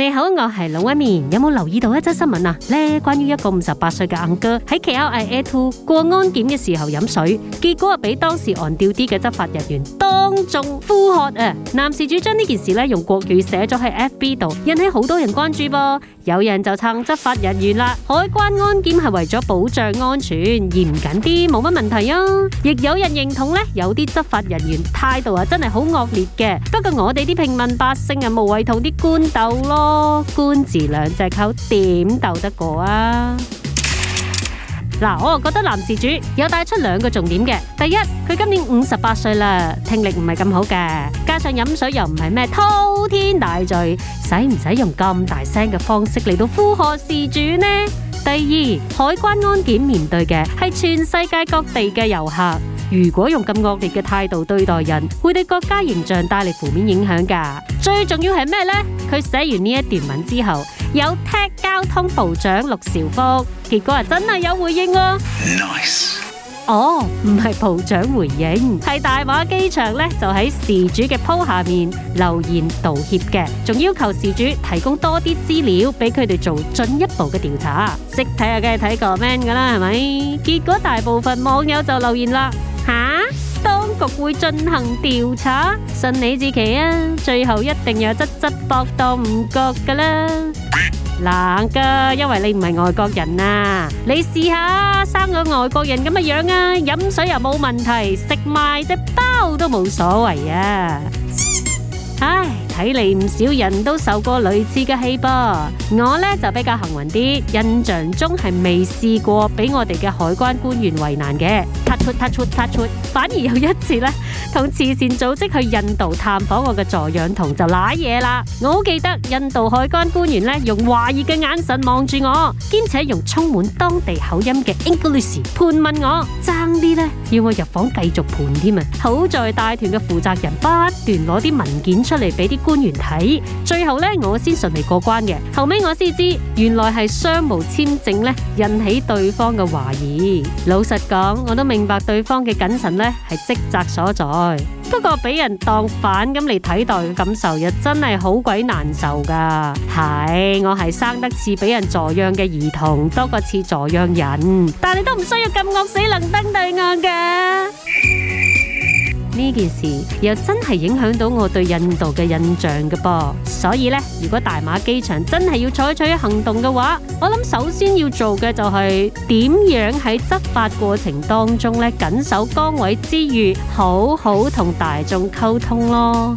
你好，我係龍紋敏。有冇留意到一則新聞啊？呢關於一個五十八歲嘅安哥喺 KLIA2 過安檢嘅時候飲水，結果俾當時戇吊啲嘅執法人員當眾呼喝啊！男事主將呢件事呢用國語寫咗喺 FB 度，引起好多人關注噃。有人就撐執法人員啦，海關安檢係為咗保障安全，嚴謹啲冇乜問題啊。亦有人認同呢，有啲執法人員態度啊真係好惡劣嘅。不過我哋啲平民百姓啊，無謂同啲官鬥咯。官字兩隻口，點鬥得過啊？嗱，我又覺得男事主有帶出兩個重點嘅。第一，佢今年五十八歲啦，聽力唔係咁好嘅，加上飲水又唔係咩滔天大罪，使唔使用咁大聲嘅方式嚟到呼喝事主呢？第二，海關安檢面對嘅係全世界各地嘅遊客。如果用咁惡劣嘅態度對待人，會對國家形象帶嚟負面影響噶。最重要係咩呢？佢寫完呢一段文之後，有踢交通部長陸兆福，結果啊真係有回應哦。Nice. 哦，唔係部長回應，係大馬機場呢就喺事主嘅鋪下面留言道歉嘅，仲要求事主提供多啲資料俾佢哋做進一步嘅調查。識睇下梗係睇個 man 噶啦，係咪？結果大部分網友就留言啦。局會進行調查，信你自己啊，最後一定有側側膊到唔覺噶啦，難噶，因為你唔係外國人啊，你試下生個外國人咁嘅樣啊，飲水又冇問題，食埋隻包都冇所謂啊，唉。睇嚟唔少人都受過類似嘅氣噃，我呢就比較幸運啲，印象中係未試過俾我哋嘅海關官員為難嘅。出出出出反而有一次呢，同慈善組織去印度探訪我嘅助養童就瀨嘢啦。我好記得印度海關官員呢，用懷疑嘅眼神望住我，兼且用充滿當地口音嘅 English 盤問我，爭啲呢，要我入房繼續盤添啊！好在大團嘅負責人不斷攞啲文件出嚟俾啲官員睇，最後咧我先順利過關嘅。後尾我先知，原來係商務簽證咧引起對方嘅懷疑。老實講，我都明白對方嘅謹慎咧係職責所在。不過俾人當反咁嚟睇待嘅感受又真係好鬼難受噶。係我係生得似俾人助養嘅兒童，多過似助養人。但你都唔需要咁惡死能登對岸嘅。呢件事又真係影響到我對印度嘅印象嘅噃，所以咧，如果大馬機場真係要採取行動嘅話，我諗首先要做嘅就係點樣喺執法過程當中咧，緊守崗位之餘，好好同大眾溝通咯。